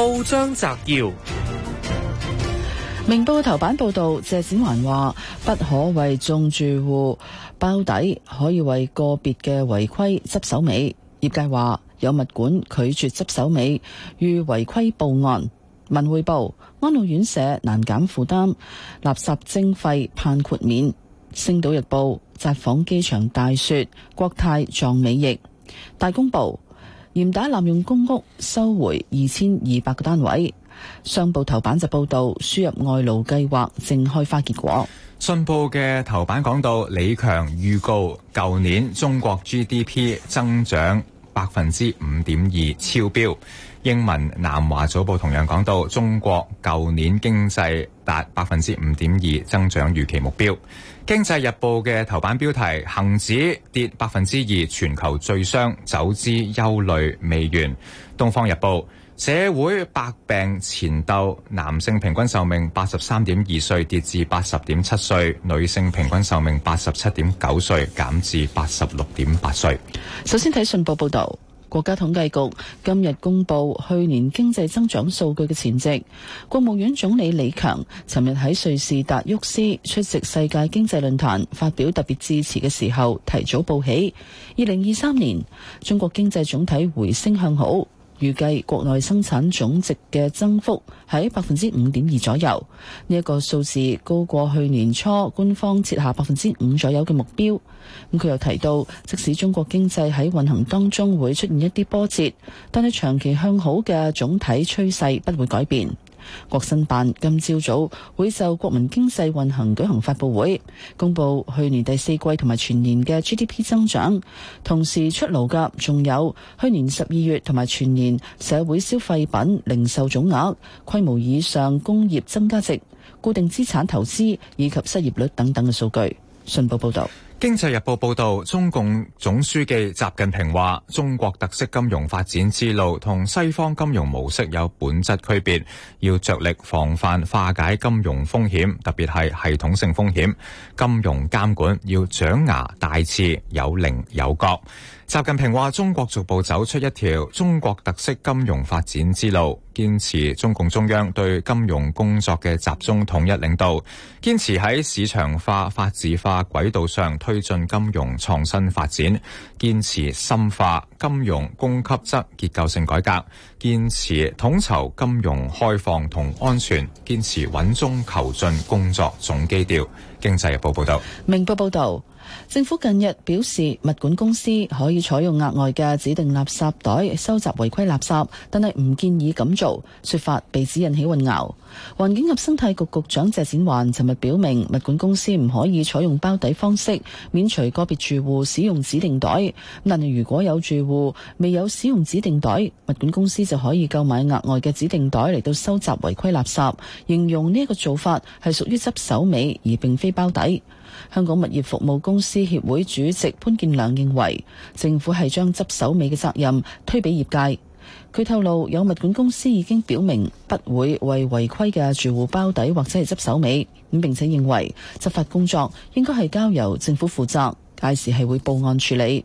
報章摘要：明報頭版報道，謝展環話不可為眾住戶包底，可以為個別嘅違規執手尾。業界話有物管拒絕執手尾，遇違規報案。文匯報，安老院舍難減負擔，垃圾徵費盼豁免。星島日報，札幌機場大雪，國泰撞尾翼。大公報。嚴打濫用公屋，收回二千二百個單位。商報頭版就報道，輸入外勞計劃正開花結果。信報嘅頭版講到，李強預告，舊年中國 GDP 增長百分之五點二，超標。英文南華早報同樣講到，中國舊年經濟達百分之五點二增長預期目標。經濟日報嘅頭版標題：恒指跌百分之二，全球最傷，走資憂慮未完。」東方日報：社會百病前鬥，男性平均壽命八十三點二歲跌至八十點七歲，女性平均壽命八十七點九歲減至八十六點八歲。首先睇信報報道。國家統計局今日公布去年經濟增長數據嘅前夕，國務院總理李強尋日喺瑞士達沃斯出席世界經濟論壇發表特別致辭嘅時候，提早報喜：二零二三年中國經濟總體回升向好。預計國內生產總值嘅增幅喺百分之五點二左右，呢一個數字高過去年初官方設下百分之五左右嘅目標。咁佢又提到，即使中國經濟喺運行當中會出現一啲波折，但係長期向好嘅總體趨勢不會改變。國新辦今朝早，早會就國民經濟運行舉行發佈會，公布去年第四季同埋全年嘅 GDP 增長，同時出爐嘅仲有去年十二月同埋全年社會消費品零售總額、規模以上工業增加值、固定資產投資以及失業率等等嘅數據。信報報道。經濟日報報道，中共總書記習近平話：中國特色金融發展之路同西方金融模式有本質區別，要着力防範化解金融風險，特別係系統性風險。金融監管要長牙帶刺，有棱有角。習近平話：中國逐步走出一條中國特色金融發展之路，堅持中共中央對金融工作嘅集中統一領導，堅持喺市場化、法治化軌道上推進金融創新發展，堅持深化金融供給側結構性改革，堅持統籌金融開放同安全，堅持穩中求進工作總基調。經濟日報報道。明報報道。政府近日表示，物管公司可以採用額外嘅指定垃圾袋收集違規垃圾，但係唔建議咁做。說法被指引起混淆。環境及生態局局長謝展寰尋日表明，物管公司唔可以採用包底方式免除個別住戶使用指定袋。但係如果有住戶未有使用指定袋，物管公司就可以購買額外嘅指定袋嚟到收集違規垃圾。形容呢一個做法係屬於執手尾，而並非包底。香港物業服務公司協會主席潘建良認為，政府係將執手尾嘅責任推俾業界。佢透露，有物管公司已經表明不會為違規嘅住戶包底或者係執手尾。咁並且認為，執法工作應該係交由政府負責，屆時係會報案處理。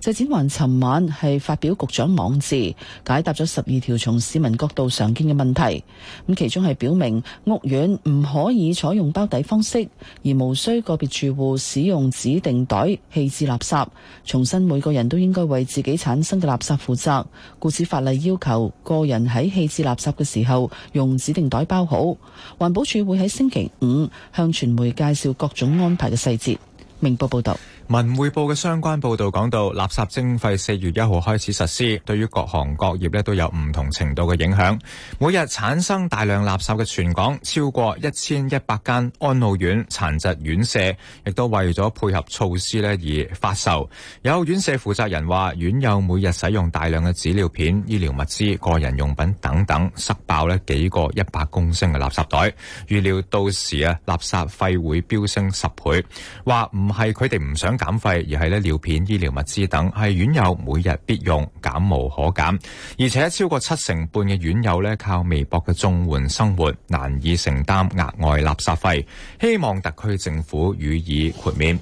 謝展寰尋晚係發表局長網誌，解答咗十二條從市民角度常見嘅問題。咁其中係表明屋苑唔可以採用包底方式，而無需個別住戶使用指定袋棄置垃圾，重申每個人都應該為自己產生嘅垃圾負責。故此法例要求個人喺棄置垃圾嘅時候用指定袋包好。環保署會喺星期五向傳媒介紹各種安排嘅細節。明報報道。文匯報嘅相關報道講到，垃圾徵費四月一號開始實施，對於各行各業咧都有唔同程度嘅影響。每日產生大量垃圾嘅全港，超過一千一百間安老院、殘疾院舍，亦都為咗配合措施咧而發愁。有院舍負責人話，院友每日使用大量嘅紙尿片、醫療物資、個人用品等等，塞爆咧幾個一百公升嘅垃圾袋。預料到時啊，垃圾費會飆升十倍。話唔係佢哋唔想。減費而係咧尿片、醫療物資等係院友每日必用，減無可減。而且超過七成半嘅院友咧靠微薄嘅綜援生活，難以承擔額外垃圾費，希望特區政府予以豁免。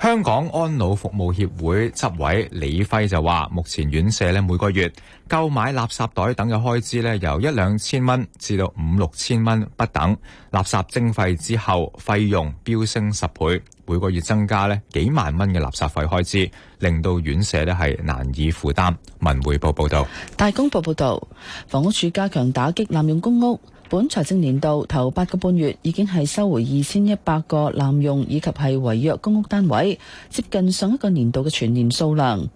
香港安老服務協會執委李輝就話，目前院舍咧每個月購買垃圾袋等嘅開支咧，由一兩千蚊至到五六千蚊不等。垃圾徵費之後，費用飆升十倍，每個月增加咧幾萬蚊嘅垃圾費開支，令到院舍咧係難以負擔。文匯報報道，大公報報道，房屋署加強打擊濫用公屋。本財政年度頭八個半月已經係收回二千一百個濫用以及係違約公屋單位，接近上一個年度嘅全年數量。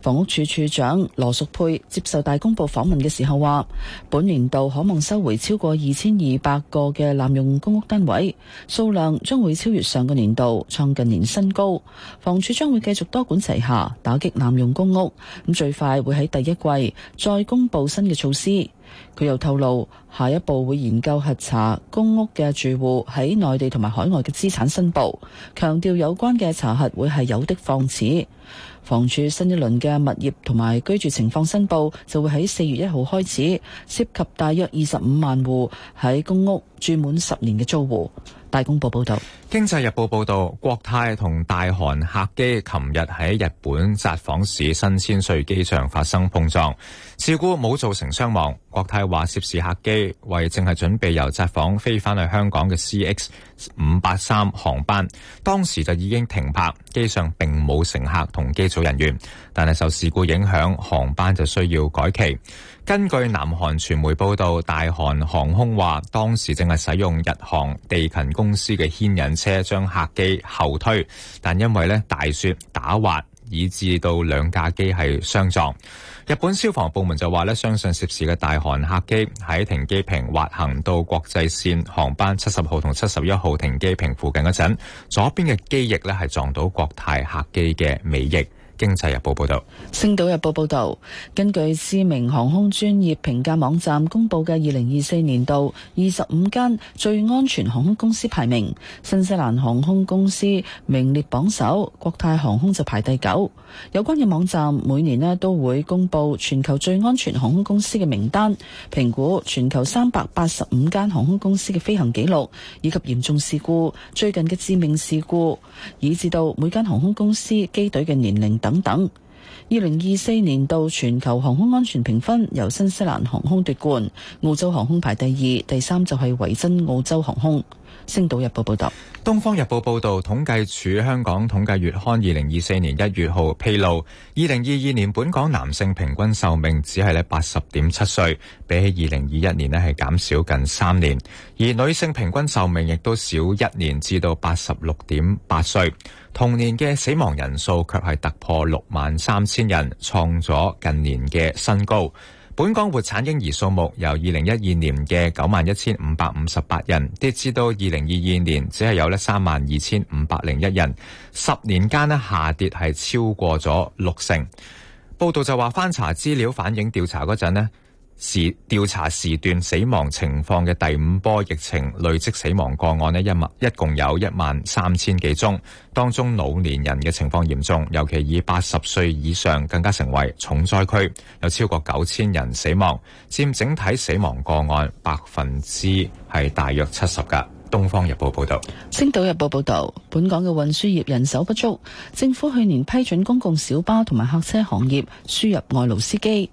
房屋署署長羅淑佩接受大公報訪問嘅時候話，本年度可望收回超過二千二百個嘅濫用公屋單位，數量將會超越上個年度，創近年新高。房署將會繼續多管齊下，打擊濫用公屋，咁最快會喺第一季再公布新嘅措施。佢又透露，下一步會研究核查公屋嘅住戶喺內地同埋海外嘅資產申報，強調有關嘅查核會係有的放矢。房署新一輪嘅物業同埋居住情況申報就會喺四月一號開始，涉及大約二十五萬戶喺公屋住滿十年嘅租戶。大公報報道，《經濟日報》報道，國泰同大韓客機琴日喺日本札幌市新千歲機場發生碰撞，事故冇造成傷亡。國泰話涉事客機為淨係準備由札幌飛返去香港嘅 C X 五八三航班，當時就已經停泊，機上並冇乘客同機組人員，但係受事故影響，航班就需要改期。根據南韓傳媒報道，大韓航空話當時正係使用日航地勤公司嘅牽引車將客機後推，但因為咧大雪打滑，以致到兩架機係相撞。日本消防部門就話咧，相信涉事嘅大韓客機喺停機坪滑行到國際線航班七十號同七十一號停機坪附近嗰陣，左邊嘅機翼咧係撞到國泰客機嘅尾翼。經濟日報報道，星島日報報道，根據知名航空專業評價網站公佈嘅二零二四年度二十五間最安全航空公司排名，新西蘭航空公司名列榜首，國泰航空就排第九。有關嘅網站每年呢都會公佈全球最安全航空公司嘅名單，評估全球三百八十五間航空公司嘅飛行記錄以及嚴重事故，最近嘅致命事故，以至到每間航空公司機隊嘅年齡。等等，二零二四年度全球航空安全評分由新西蘭航空奪冠，澳洲航空排第二，第三就係維珍澳洲航空。星島日報報道，東方日報報道，統計處香港統計月刊二零二四年一月號披露，二零二二年本港男性平均壽命只係咧八十點七歲，比起二零二一年呢係減少近三年，而女性平均壽命亦都少一年至，至到八十六點八歲，同年嘅死亡人數卻係突破六萬三千人，創咗近年嘅新高。本港活產嬰兒數目由二零一二年嘅九萬一千五百五十八人跌至到二零二二年，只係有呢三萬二千五百零一人，十年間呢下跌係超過咗六成。報道就話翻查資料反映調查嗰陣呢。是調查時段死亡情況嘅第五波疫情累積死亡個案咧，一萬一共有一萬三千幾宗，當中老年人嘅情況嚴重，尤其以八十歲以上更加成為重災區，有超過九千人死亡，佔整體死亡個案百分之係大約七十噶。東方日報報道。星島日報報道，本港嘅運輸業人手不足，政府去年批准公共小巴同埋客車行業輸入外勞司機。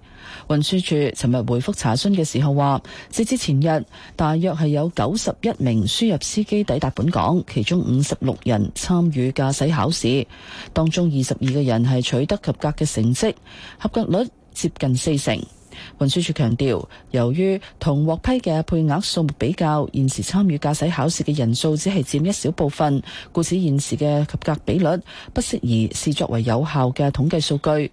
運輸處尋日回覆查詢嘅時候話，截至前日，大約係有九十一名輸入司機抵達本港，其中五十六人參與駕駛考試，當中二十二個人係取得及格嘅成績，合格率接近四成。運輸處強調，由於同獲批嘅配額數目比較，現時參與駕駛考試嘅人數只係佔一小部分，故此現時嘅及格比率不適宜視作為有效嘅統計數據。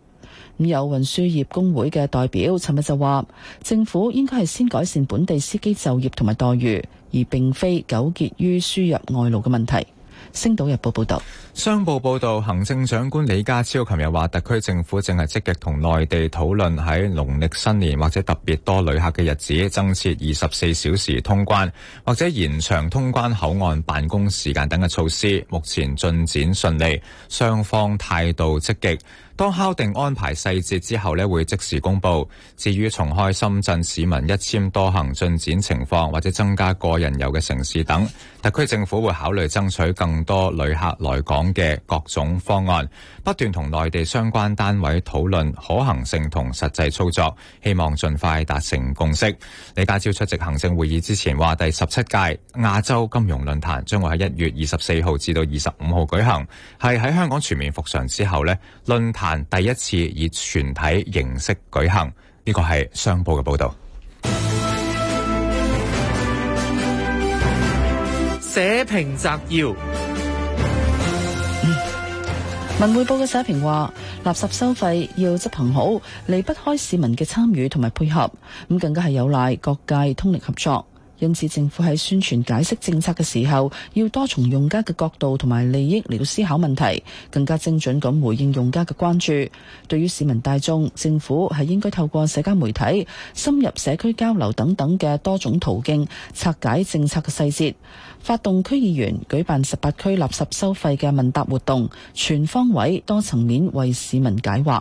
有運輸業工會嘅代表尋日就話，政府應該係先改善本地司機就業同埋待遇，而並非糾結於輸入外勞嘅問題。《星島日報》報道，商報報道，行政長官李家超琴日話，特區政府正係積極同內地討論喺農曆新年或者特別多旅客嘅日子增設二十四小時通關或者延長通關口岸辦公時間等嘅措施，目前進展順利，雙方態度積極。當敲定安排細節之後呢，會即時公布。至於重開深圳市民一簽多行進展情況，或者增加個人遊嘅城市等，特區政府會考慮爭取更多旅客來港嘅各種方案，不斷同內地相關單位討論可行性同實際操作，希望盡快達成共識。李家超出席行政會議之前話，第十七屆亞洲金融論壇將會喺一月二十四號至到二十五號舉行，係喺香港全面復常之後呢，論壇。第一次以全體形式舉行，呢個係商報嘅報道。社評摘要。嗯，文匯報嘅社評話，垃圾收費要執行好，離不開市民嘅參與同埋配合，咁更加係有賴各界通力合作。因此，政府喺宣傳解釋政策嘅時候，要多從用家嘅角度同埋利益嚟到思考問題，更加精準咁回應用家嘅關注。對於市民大眾，政府係應該透過社交媒體、深入社區交流等等嘅多種途徑拆解政策嘅細節，發動區議員舉辦十八區垃圾收費嘅問答活動，全方位多層面為市民解惑。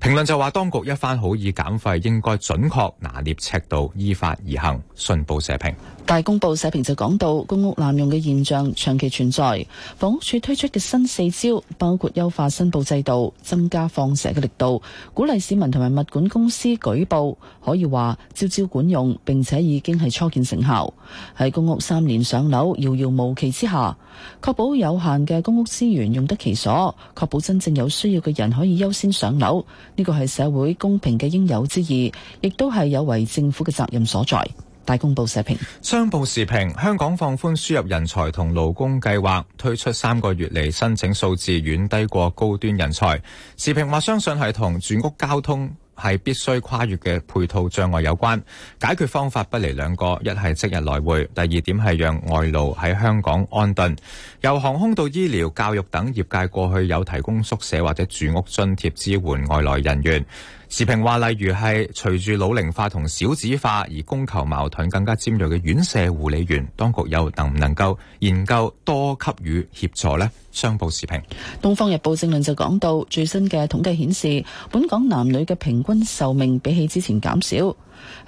評論就話，當局一番好意減費，應該準確拿捏尺度，依法而行。信報社評。大公報社評就講到，公屋濫用嘅現象長期存在，房屋署推出嘅新四招，包括優化申報制度、增加放蛇嘅力度、鼓勵市民同埋物管公司舉報，可以話招招管用，並且已經係初見成效。喺公屋三年上樓遙遙無期之下，確保有限嘅公屋資源用得其所，確保真正有需要嘅人可以優先上樓。呢個係社會公平嘅應有之義，亦都係有為政府嘅責任所在。大公報社評，商報時評，香港放寬輸入人才同勞工計劃推出三個月，嚟申請數字遠低過高端人才。時評話相信係同住屋交通。係必須跨越嘅配套障礙有關，解決方法不離兩個，一係即日來回，第二點係讓外勞喺香港安頓。由航空到醫療、教育等業界，過去有提供宿舍或者住屋津貼支援外來人員。時評話，例如係隨住老齡化同少子化，而供求矛盾更加尖銳嘅院舍護理員，當局又能唔能夠研究多給予協助呢？商報時評。《東方日報》正論就講到，最新嘅統計顯示，本港男女嘅平均壽命比起之前減少。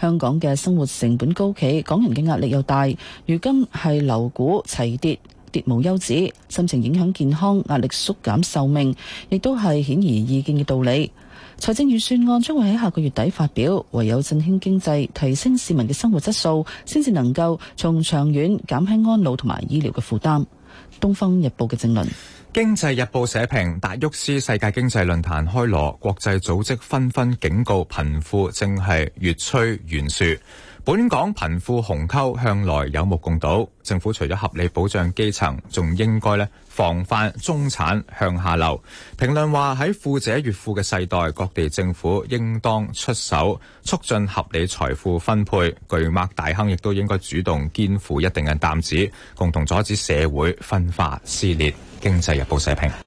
香港嘅生活成本高企，港人嘅壓力又大，如今係樓股齊跌，跌無休止，心情影響健康，壓力縮減壽命，亦都係顯而易見嘅道理。財政預算案將會喺下個月底發表，唯有振興經濟、提升市民嘅生活質素，先至能夠從長遠減輕安老同埋醫療嘅負擔。東方日報嘅正論。經濟日報社評：達沃斯世界經濟論壇開鑼，國際組織紛紛警告，貧富正係越趨懸殊。本港貧富鴻溝向來有目共睹，政府除咗合理保障基層，仲應該咧防範中產向下流。評論話喺富者越富嘅世代，各地政府應當出手促進合理財富分配，巨擘大亨亦都應該主動肩負一定嘅擔子，共同阻止社會分化撕裂。經濟日報社評。